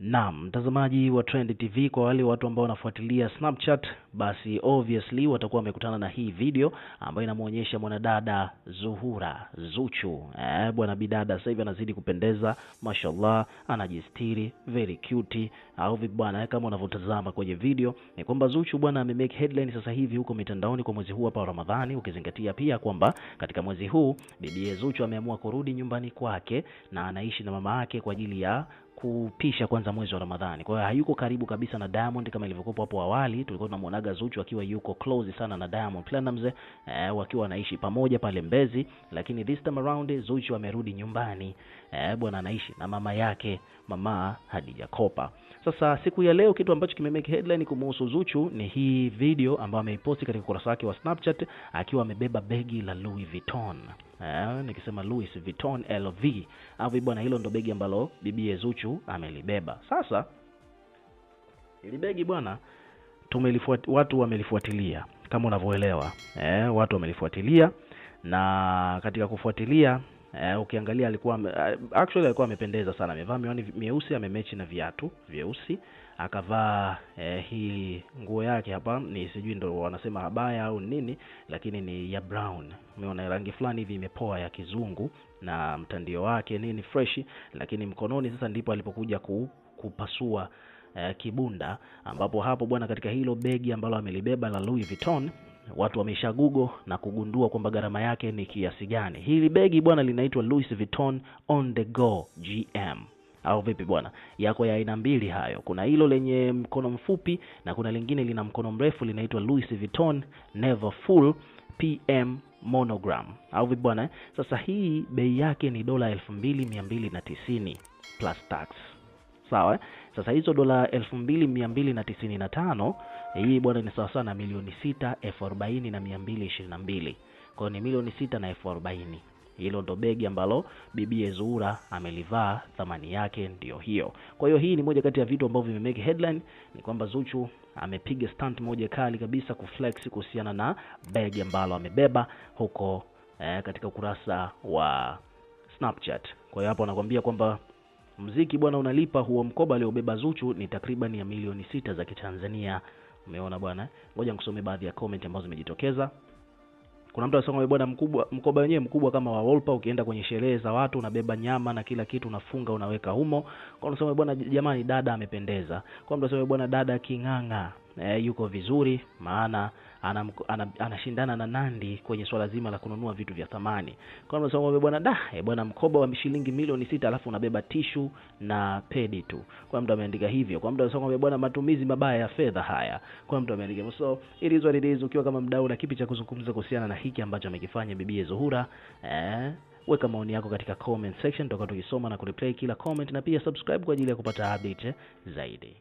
Naam, mtazamaji wa Trend TV, kwa wale watu ambao wanafuatilia Snapchat, basi obviously watakuwa wamekutana na hii video ambayo inamwonyesha mwanadada Zuhura Zuchu. Eh, bwana bidada sasa hivi anazidi kupendeza, mashallah, anajistiri very cute au bwana, eh, kama unavyotazama kwenye video ni kwamba Zuchu bwana amemake headline sasa hivi huko mitandaoni kwa mwezi huu hapa Ramadhani, ukizingatia pia kwamba katika mwezi huu bibi Zuchu ameamua kurudi nyumbani kwake na anaishi na mama yake kwa ajili ya kupisha kwanza mwezi wa Ramadhani. Kwa hiyo hayuko karibu kabisa na Diamond kama ilivyokuwa hapo awali. Tulikuwa tunamuonaga Zuchu akiwa yuko close sana na Diamond Platinumz eh, wakiwa wanaishi pamoja pale Mbezi, lakini this time around Zuchu amerudi nyumbani eh, bwana anaishi na mama yake, mama Hadija Kopa. Sasa siku ya leo kitu ambacho kimemake headline kumuhusu Zuchu ni hii video ambayo ameiposti katika ukurasa wake wa Snapchat akiwa amebeba begi la Louis Vuitton eh, nikisema Louis Vuitton LV au bwana, hilo ndo begi ambalo bibi Zuchu amelibeba. Sasa ili begi bwana, tumelifuat watu wamelifuatilia kama unavyoelewa eh, watu wamelifuatilia na katika kufuatilia Uh, ukiangalia alikuwa uh, actually alikuwa amependeza sana, amevaa miwani mieusi, amemechi na viatu vyeusi, akavaa uh, eh, hii nguo yake hapa, ni sijui ndo wanasema habaya au nini, lakini ni ya brown, umeona rangi fulani hivi imepoa ya kizungu, na mtandio wake nini fresh, lakini mkononi sasa ndipo alipokuja ku, kupasua uh, kibunda, ambapo hapo bwana, katika hilo begi ambalo amelibeba la Louis Vuitton watu wamesha google na kugundua kwamba gharama yake ni kiasi gani. Hili begi bwana linaitwa Louis Vuitton On The Go GM au vipi bwana? Yako ya aina mbili hayo, kuna hilo lenye mkono mfupi na kuna lingine lina mkono mrefu linaitwa Louis Vuitton Never Full PM Monogram au vipi bwana? Sasa hii bei yake ni dola 2290 plus tax sawa. Eh? Sasa hizo dola 2295 eh, hii bwana ni sawa na milioni sita na kwa ni milioni 6 na elfu Hilo ndo begi ambalo bibie Zuhura amelivaa, thamani yake ndiyo hiyo. Kwa hiyo hii ni moja kati ya vitu ambavyo vimemeke headline, ni kwamba Zuchu amepiga stunt moja kali kabisa kuflex kuhusiana na begi ambalo amebeba huko eh, katika ukurasa wa Snapchat. Kwa hiyo hapo anakuambia kwamba Mziki bwana unalipa. Huo mkoba aliobeba Zuchu ni takriban ya milioni sita za Kitanzania. Umeona bwana, ngoja nikusome baadhi ya comment ambazo zimejitokeza. Kuna mtu anasema bwana, mkubwa mkoba wenyewe mkubwa kama wa Wolpa, ukienda kwenye sherehe za watu unabeba nyama na kila kitu, unafunga unaweka humo. Kwa anasema bwana, jamani, dada amependeza. Kwa mtu anasema bwana, dada king'ang'a e, yuko vizuri maana anam, anam, anashindana na Nandi kwenye swala zima la kununua vitu vya thamani. Kwa hiyo unasema bwana da, e, bwana mkoba wa shilingi milioni sita alafu unabeba tishu na pedi tu. Kwa mtu ameandika hivyo. Kwa mtu anasema bwana matumizi mabaya ya fedha haya. Kwa mtu ameandika hivyo. So ili hizo ili ukiwa kama mdau na kipi cha kuzungumza kuhusiana na hiki ambacho amekifanya bibi Zuhura eh, weka maoni yako katika comment section, tutakuwa tukisoma na kureplay kila comment, na pia subscribe kwa ajili ya kupata update zaidi.